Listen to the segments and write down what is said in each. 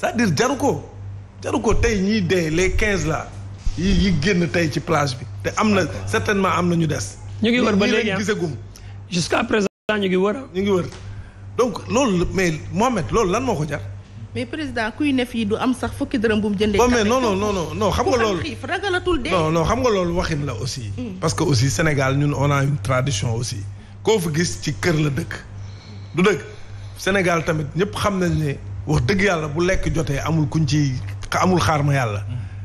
cest à jaru ko jaru ko tey ñiy dee les quinze la yi génn tey ci plage bi te am na certainement am na ñu des. ñu ngi wër ba léegi ah gisagum. jusqu'à présent ñu ngi wër ñu ngi wër donc loolu mais Mohamed loolu lan moo ko jar. mais président kuy ne fii du am sax fukki dërëm bu mu jëndee. mais non non non non xam nga loolu xiif ragalatul dee. non non nga loolu waxin la aussi. Mm. parce que aussi Sénégal ñun on a une tradition aussi. koo fi gis ci kër la dëkk. du dëkk Sénégal tamit ñëpp xam nañ ne. wax dëgg yàlla bu lekk jotee amul kuñ ci amul xaar ma yàlla.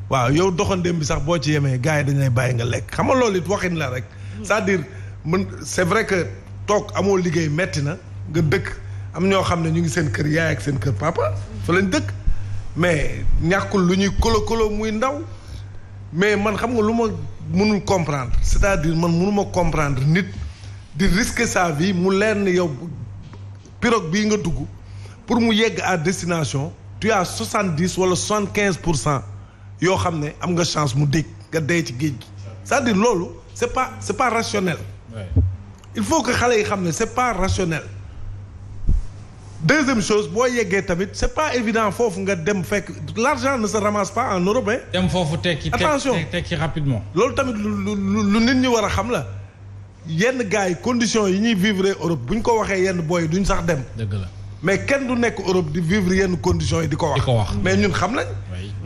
waaw yow doxandéem bi sax boo ci yemee gars yi dañu bàyyi nga lekk xam nga loolu it waxin la rek. c'est-à-dire man c'est vrai que toog amoo liggéey metti na nga dëkk am ñoo xam ne ñu ngi seen kër yaay ak seen kër papa. fa lañ dëkk mais ñàkkul lu ñuy kolo kolo muy ndaw mais man xam nga lu ma mënul comprendre c'est-à-dire man mënuma comprendre nit di risquer sa vie mu leer ni yow pirogue bii nga dugg. pour mu yegg à destination tu as soixante wala soixante quinze pour cent yoo xam ne am nga chance mu dégg nga dee ci géej gi c'est-à-dire loolu c'est pas c'est pas rationnel il faut que xale yi xam ne c'est pas rationnel deuxième chose boo yeggee tamit c'est pas évident foofu nga dem fekk l'argent ne se ramasse pas en Europe dem foofu tekki attention tekki rapidement loolu tamit lu lu nit ñi war a xam la yenn gars yi conditions yi ñuy vivre Europe bu ñu ko waxee yenn booy duñ sax dem dëgg la mais kenn du nekk Europe di vivre yenn conditions yi di ko wax. ko wax mais ñun xam nañ.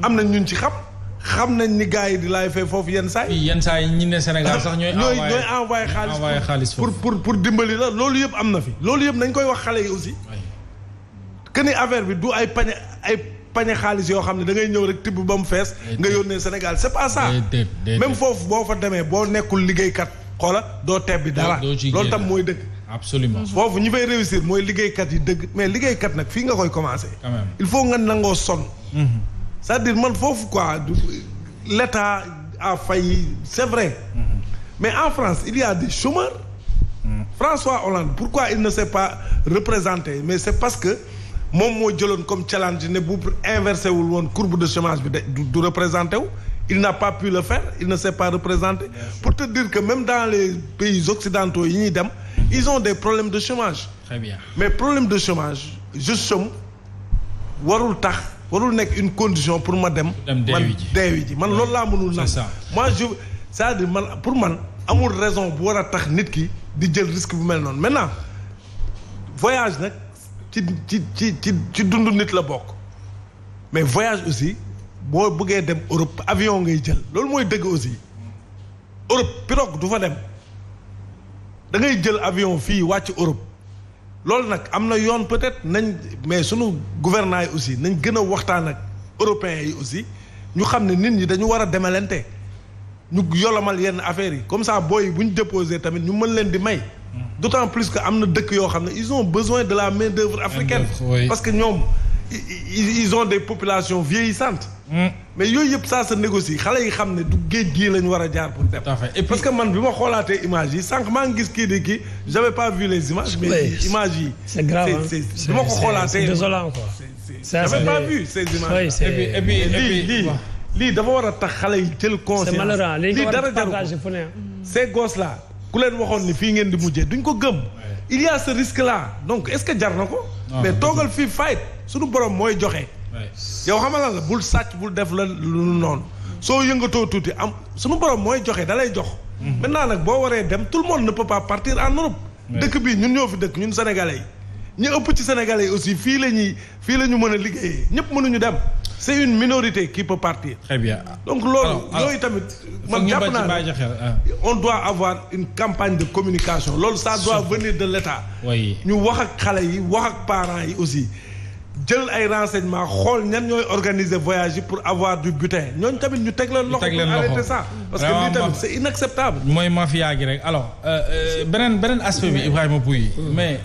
am nañ ñun ci xam. xam nañ ni gars yi di laay fay foofu yenn saa yi. yenn saa yi ñi ne Sénégal sax ñooy. envoyé ñooy envoyé xaalis pour pour pour dimbali la loolu yëpp am na fi. loolu yëpp nañ koy wax xale yi aussi. que ni affaire bi du ay pañe ay pañe xaalis yoo xam ne da ñëw rek tibb ba mu fees. nga yónnee Sénégal c'est pas ça. même foofu boo fa demee boo nekkul liggéeykat xoola doo tebbi dara. loolu tam mooy dëgg. absolument mhm. foofu ñi fay réussir mooy liggéeykat yi dëgg mais liggéeykat nag fii nga koy commencer. quand il faut nga nangoo sonn. Mhm. c'est-à-dire man foofu quoi l'État a fay c'est vrai. Mhm. mais en France il y a des chômeurs. François Hollande quoi il ne s'est pas représenté mais c'est parce que moom moo jëloon comme challenge ne bu inversé wul woon courbe de chômage bi de du représenté wu. il n'a pas pu le faire il ne s'est pas représenté. pour te dire que même dans les pays yi ñuy dem. ils ont des problèmes de chômage. très mais problème de chômage je somme warul tax warul nekk une condition pour ma dem. dem deewi ji man deewi ji man loolu laa mënul. c'est mois moi je dire man pour man amul raison bu war a tax nit ki di jël risque bu mel noonu maintenant voyage nag ci ci ci ci ci dundu nit la bokk mais voyage aussi boo bëggee dem Europe avion ngay jël loolu mooy dëgg aussi Europe pirogue du fa dem. da ngay jël avion fii wàcc Europe loolu nag am na yoon peut-être nañ mais sunu gouvernants yi aussi nañ gën a waxtaan ak européens yi aussi ñu xam ne nit ñi dañu war a demalante ñu yolomal yenn affaires yi comme ça booy buñ ñu tamit ñu mën leen di may. d'autant plus que am na dëkk yoo xam ne ils ont besoin de la main d'œuvre africaine. parce que ñoom ils ont des populations sant Hmm. mais yooyu yëpp ça se négocie xale yi xam ne du géej gii lañ war a jaar pour dem. parce que man bi ma xoolaatee image yi sànq maa ngi gis kii di kii j'avais pas vu les images. mais yi. c'est grave bi ma ko xoolaatee. c'est désolant quoi. j'avais pas vu ces lii lii lii dafa war a tax xale yi jël conscience. c'est malheureux lii dara jarul ko gos la ku leen waxoon ni fii ngeen di mujjee duñ ko gëm. il y a ce risque là donc est-ce que jar na ko. mais toogal fii fight suñu borom mooy joxe. yow xamal la bul sàcc bul def la lu noonu soo yëngatoo tuuti am su ma borom mooy joxe dalay jox mhm. maintenant nag boo waree dem tout le monde ne peut pas partir en Europe dëkk bii ñun ñoo fi dëkk ñun sénégalais yi ñu ëpp ci sénégalais yi aussi fii la ñuy fii la ñu mën a liggéeyee ñëpp mënuñu dem c'est une minorité qui peut partir très donc loolu yooyu tamit man jàpp naa ah. on doit avoir une campagne de communication loolu ça doit venir de l'État ñu wax ak xale yi wax ak parents yi aussi jël ay renseignements xool ñan ñooy organiser voyage yi pour avoir du butin ñooñu tamit ñu teg leen loxo. ñu teg leen loxo arrêter ça parce que lii tamit c'est inacceptable. mooy mafia gi rek alors euh, euh, beneen beneen aspect bi Ibrahima Pouy. mais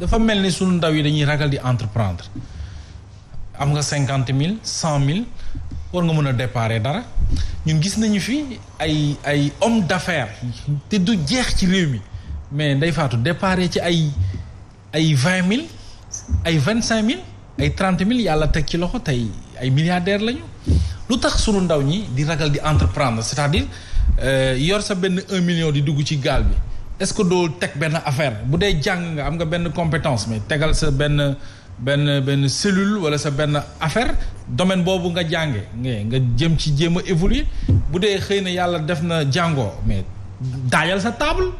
dafa mel ni sunu ndaw yi dañuy ragal di entreprendre am nga cinquante mille cent mille war nga mën a déparer dara ñun gis nañu fi ay ay homme d'affaires te du jeex ci réew mi mais nday faatu déparer ci ay ay vingt mille ay vingt cinq mille. ay trente mille yàlla teg ci loxo tey ay milliardaires lañu lu tax suru ndaw ñi di ragal di entreprendre c'est-à-dire euh, yor sa benn un million di dugg ci gaal bi est-ce que doo teg benn affaire bu dee jàng nga am nga benn compétence mais tegal sa benn benn benn cellule wala sa benn affaire domaine boobu nga jànge nga jëm ci jéem a évoluer bu dee xëy na yàlla def na jàngoo mais daajal sa table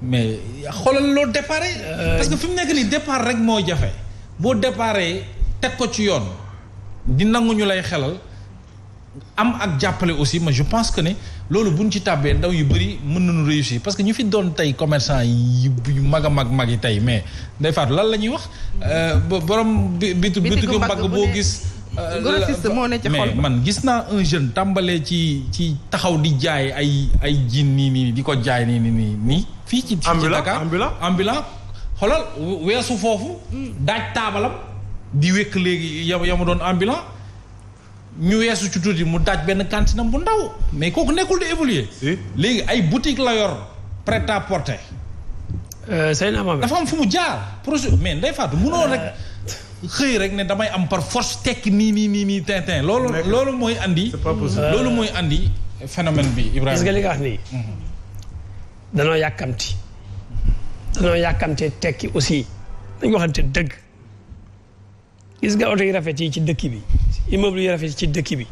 mais xoolal loo départ euh, parce que fi mu nekk nii départ rek moo jafe. boo déparé teg ko ci yoon di nangu ñu lay xelal am ak jàppale aussi ma je pense que ne loolu buñ ci tàbbee ndaw yu bëri mën nañu réussir parce que ñu fi doon tey commerçant yi yu mag a mag mag yi tey mais day faatu lan la ñuy wax. Euh, borom bi bitu bitu ko mbagg boo gis. Euh, moo ne man gis naa un jeune tàmbalee ci ci taxaw di jaay ay ay jiin nii nii di ko jaay nii nii nii fii ci. ci Dakar ambulant ambulant xoolal weesu foofu. daaj taabalam di wékk léegi ya ya ma doon ambulant ñu weesu ci tuuti mu daaj benn cantine bu ndaw mais kooku nekkul di évoluer. léegi ay boutique la yor prêt à porter. Euh, sëñ Amam dafa am fu mu jaar projet mais ndey Fatou munoo rek xëy rek ne damay am par force tekki nii nii nii nii tintin loolu. loolu mooy andi. loolu mooy indi phénomène bi Ibrahima. gis nga li nga wax nii. Mhm. danoo yàkkamti. danoo yàkkamte tekki aussi dañ waxante dëgg gis nga oto yu rafet yi ci dëkk bi immeuble yu rafet yi ci dëkk bi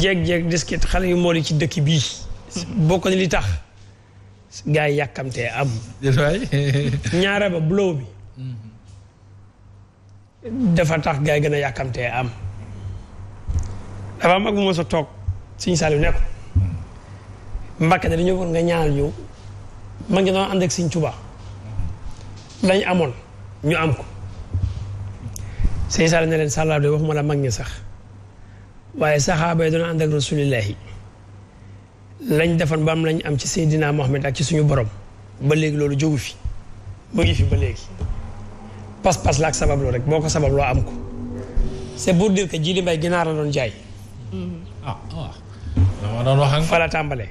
jeeg-jeeg disket xale yu mool yi ci dëkk bii bokk na li tax gars yi yàkkamtee am ñaare ba blow bi dafa tax gars gën a am dafa am ak bu sa toog Sëñ Saliou nekk Mbàkke dañoo war nga ñaanal ñu mag ñi doon ànd ak Sëñ Tuubaa lañ amoon ñu am ko sëñ Saaliw ne leen sàllaa de waxuma la mag ñi sax waaye saxaaba yi doon ànd ak rasulillahi lañ defoon ba am lañ am ci Seydina Mohamed ak ci suñu borom ba léegi loolu jógu fi mu ngi fi ba léegi pas-pas la ak sabab loo rek boo ko sabab loo am ko c'est pour dire que Djily Mbaye ginaar la doon jaay. ah, ah. wax ak. fa tàmbalee.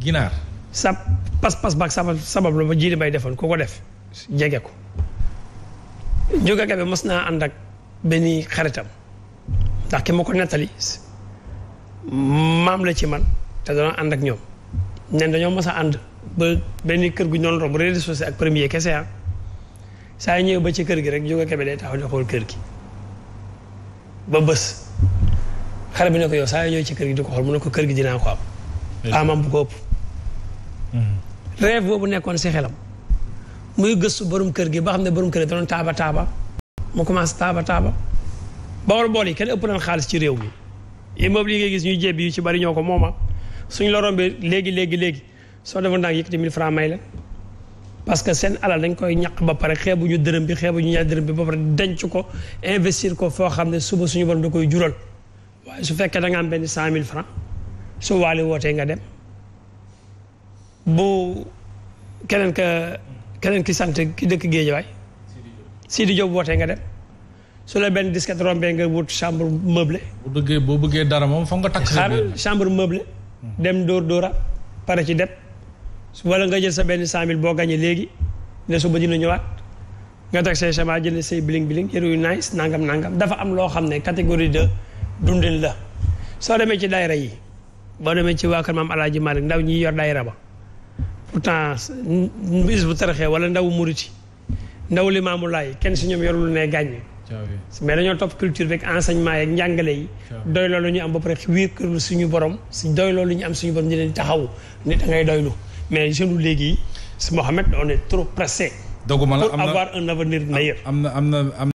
ginaar. sa pas-pas baag sabab sabab la ba jiiri bay defoon ku ko def jege ko Jóoga Kebe mos naa ànd ak benn xaritam ndax ki ma ko nettali maam la ci man te doon ànd ak ñoom nen dañoo mos a ànd ba kër gu ñu doon romb réseaux ak premier kese ah saa ñëwee ba ci kër gi rek Jóoga Kebe day taxaw di xool kër gi ba bës xale bi ne ko yow saa ñëw ci kër gi di ko xool mu ne ko kër gi dinaa ko am. amaam bu ko ëpp. rêve bu nekkoon si xelam muy gëstu borom kër gi ba xam ne borom kër gi doon taaba taaba mu commencé taaba taaba bawol bool yi kenn ëpp nañ xaalis ci réew mi immeuble yi ngay gis ñuy jébbi yu ci bari ñoo ko mooma suñu la rombee léegi léegi léegi soo defoon daal yëkkati 1000 francs may la parce que seen alal dañ koy ñaq ba pare xeebu ñu dërëm bi xeebu ñu ñaar dërëm bi ba pare denc ko investir ko foo xam ne suba suñu borom da koy jural waaye su fekkee da nga am benn 100000 francs su waali wootee nga dem bu keneen ka keneen ki sant ki dëkk Géejawaay Sidi Diop wootee nga dem su la benn disquette rombee nga wut chambre meublée. bu boo bëggee dara moom foog nga takk xaar chambre meublée. Hmm. dem dóor dóora pare ci dem wala nga jël sa benn cent boo gañee léegi ne suba dina ñëwaat nga teg say chemin jël say biling biling yëru yu nice nangam nangam dafa am loo xam ne catégorie de dundin la soo demee ci daayra yi boo demee ci waa kër maam Alaaji Malik ndaw ñi yor daayra ba. pourtant is bu taraxee wala ndaw muriti ndaw li maamu laay kenn si ñoom yorul ne gàññ mais dañoo topp culture beeg enseignement yeeg njàngale yi doy loolu ñu am ba pare wiir kërlu suñu borom si doy loolu ñu am suñu borom di leen taxawu nit da doylu mais jeune léegi si Mohamed on est trop pressé. dogguma la am na pour avoir un avenir meilleur.